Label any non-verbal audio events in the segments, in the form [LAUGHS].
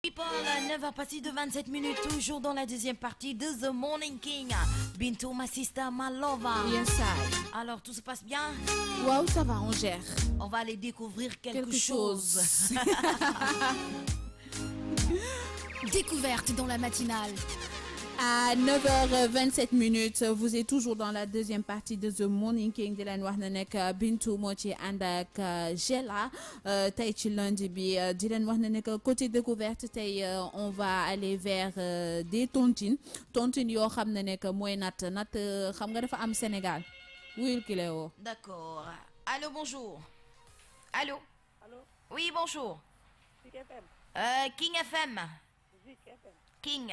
People, 9h passé de 27 minutes, toujours dans la deuxième partie de The Morning King. Binto, ma sister, ma lover. Bien ça. Alors, tout se passe bien Waouh, ça va, on gère. On va aller découvrir quelque, chose. [LAUGHS] Découverte dans la matinale. À 9h27 minutes, vous êtes toujours dans la deuxième partie de The Morning King de la Noir Nanek euh, Bintou Moitié Andak euh, Gela. Euh, tay ci lundi bi di wax ne ne côté découverte tay, on va aller vers des tontines tontines yo, xam ne nekk Nat, natt xam nga dafa am Sénégal. wuyul ki lay woo. d'accord allô bonjour allô. allô oui bonjour. King FM. King FM. King.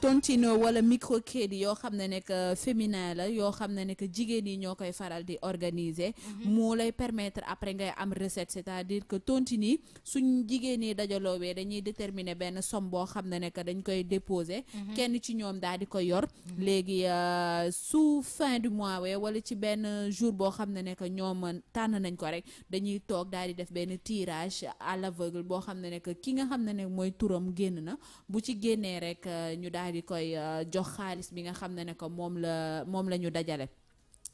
tontino wala microcrédit yoo xam ne nekk euh, féminin la yoo xam ne nekk jigéen yi ñoo koy faral di organiser mhm. moo lay permettre après ngay am recette c'est-à-dire que nii suñ jigéen yi dajaloowee dañuy déterminer benn somme boo xam ne nekk dañ koy déposer mhm. kenn ci ñoom daal di ko yor mhm. léegi euh, su fin du mois wee wala ci benn jour boo xam ne nekk ñoom euh, tànn nañ ko rek dañuy toog daal di def benn tirage à l'aveugle boo xam ne nekk ki nga xam ne nekk mooy turam génn na ci génnee daal di koy euh, jox xaalis bi nga xam ne ne ko moom la moom la ñu dajale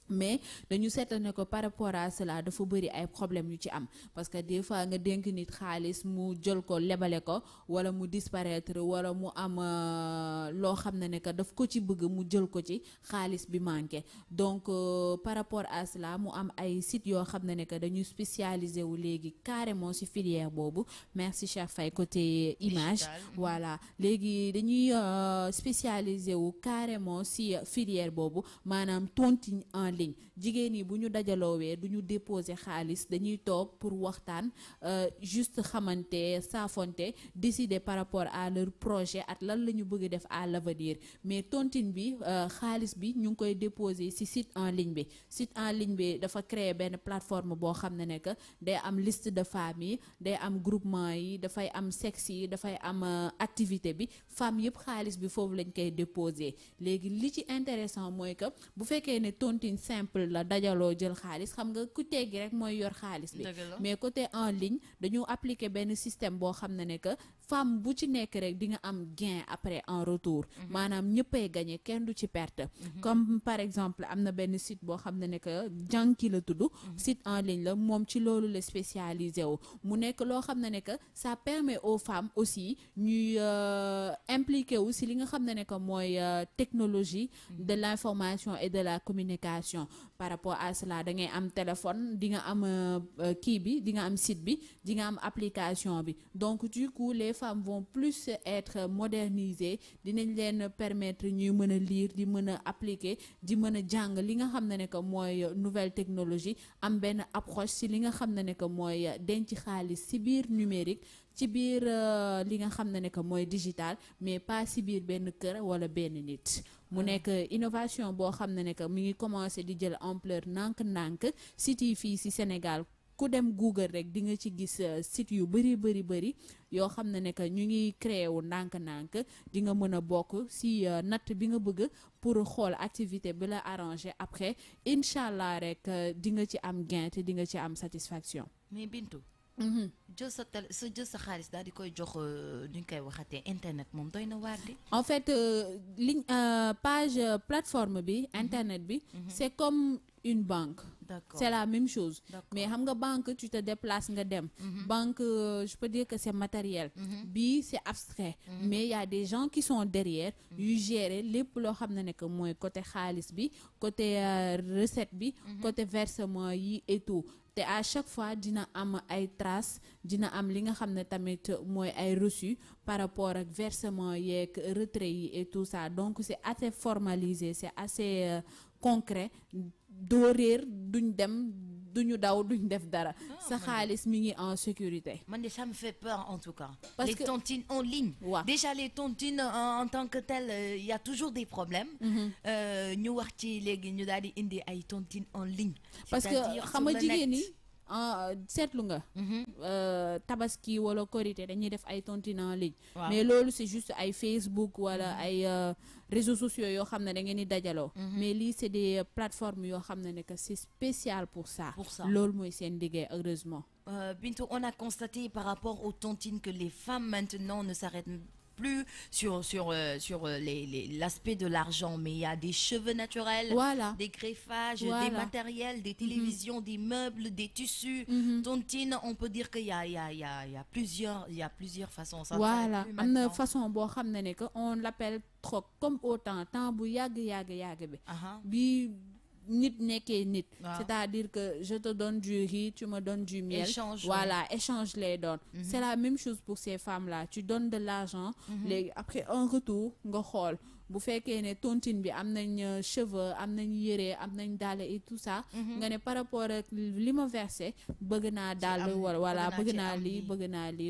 mais dañu seetla ne ko par rapport à cela dafa bëri ay problème yu ci am parce que des fois nga dénk nit xaalis mu jël ko lébalé ko wala mu disparaître wala mu am euh, lo xam ne ne daf ko ci bëgg mu jël ko ci xaalis bi manqué donc euh, par rapport à cela mu am ay site yo xam ne ne dañu spécialisé wu l'égui carrément ci filière bobu merci chef, fay côté image mm-hmm. voilà légui dañuy euh, spécialisé wu carrément ci filière bobu, manam tontine en ligne jigéen ni bu ñu duñu déposer xaalis dañuy tok pour euh, juste xamante saafonte décider par rapport à leur projet at lan lañu bëgg def à l'avenir mais tontine bi euh, xaalis bi ñu koy déposer ci site en ligne bi site en ligne bi dafa créer une plateforme bo xamné am liste de familles des am groupement yi fay am sexe yi fay am euh, activité bi femme yépp xaalis bi fofu lañ koy déposer moi li ci intéressant moy que bu féké né tontine simple la dajaloo jël xaalis xam nga ku teggi rek mooy yor mais en ligne dañu appliquer un système que gain après en retour mhm. maanaam ñëppay gagné kenn du perte mhm. comme par exemple site que site en ligne la moom ci ça permet aux femmes aussi ñuy euh, impliquer wu technologie de l'information et de la communication information par rapport à cela da ngay am téléphone di nga am euh, ki bi di nga am site bi di nga am application bi donc du coup les femmes vont plus être modernisées dinañ leen permettre ñuy mën lire di mën appliquer di mën jang li nga xamné ne ne que mooy nouvelle technologie am ben approche si li nga xamné ne ne que denc xaalis si bir numérique ci biir euh, li nga xam ne ne que mooy digital mais pas si biir benn kër wala benn nit mu ah. nekk innovation boo xam ne ne que mi ngi commencé di jël empleur ndànk-ndànk siti fii si Sénégal ku dem Google rek di nga ci gis euh, site yu bëri bëri bëri yoo xam ne ne que ñu ngi créé wu ndànk-ndànk di nga mën a bokk si euh, natt bi nga bëgg pour xool activité bi la arrangé après incha allah rek di nga ci am gain te di nga ci am satisfaction. mais Bintu. internet en fait euh, la euh, page euh, plateforme bi mhm. internet bi. Mhm. c'est comme une banque c'est la même chose mais xam banque tu te déplaces nga dem mhm. banque euh, je peux dire que c'est matériel mhm. bi c'est abstrait mhm. mais il y a des gens qui sont derrière ils gèrent les loo qui ne nekk moi côté de bi côté euh, recette bi côté versement yi et tout te à chaque fois dina am ay traces dina am li nga tamit moy reçu par rapport ak versement y retrait yi et tout ça donc c'est assez formalisé c'est assez euh, concret doo d'une duñ dem duñu daw duñ def dara ah, sa xaalis mi ngi en sécurité man de ça me fait peur en tout cas parce les que les tontines en ligne déjà les tontines en, tant que telles il euh, y a toujours des problèmes mhm. euh, ñu wax ci légui ñu daal indi ay tontines en ligne parce que xam nga jigéen cette ah, nga mhm. euh, tabaski wala corité dañuy def ay tontine en ligne mais lolu c'est juste ay Facebook wala mhm. ay euh, réseaux sociaux yo xam da ngeen ni dajalo mhm. mais li c'est des euh, plateformes yo xam que c'est spécial pour ça lolu moy un ligue heureusement Bintou, on a constaté par rapport aux tontines que les femmes maintenant ne s'arrêtent plus sur, sur, euh, sur euh, l'aspect les, de l'argent, mais il y a des cheveux naturels, voilà. des greffages, des matériels, des mhm. télévisions, des meubles, des tissus. Mm on peut dire qu'il y a, y, a, y, y a, plusieurs, y a plusieurs façons. Ça voilà, une façon, on l'appelle troc, comme autant, temps, yag, yag, nit et nit c'est-à-dire que je te donne du riz tu me donnes du miel échange, voilà échange les dons mhm. c'est la même chose pour ces femmes là tu donnes de l'argent mhm. les après un retour nga bu fekkee que tontine bi am euh, cheveux am nañ yére am et tout ça mhm. nga ne par rapport à li ma versé bëgg voilà bëgg naa lii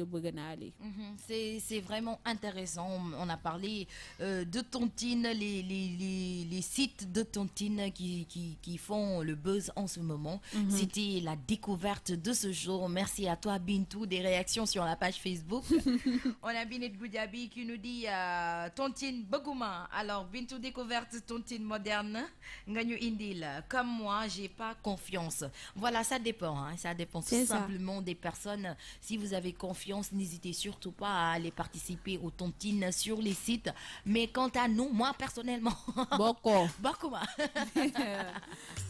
bëgg naa lii mhm. c'est c'est vraiment intéressant on a parlé euh, de tontine les, les les sites de tontine qui qui qui font le buzz en ce moment mhm. c'était la découverte de ce jour merci à toi Bintou des réactions sur la page Facebook [LAUGHS] on a Binet Goudiabi qui nous dit euh, tontine bagouma alors Bintou découverte tontine moderne nga ñu comme moi j'ai pas confiance voilà ça dépend hein. ça dépend tout simplement des personnes si vous avez confiance n'hésitez surtout pas à aller participer aux tontines sur les sites mais quant à nous moi personnellement beaucoup. boko [LAUGHS] [LAUGHS]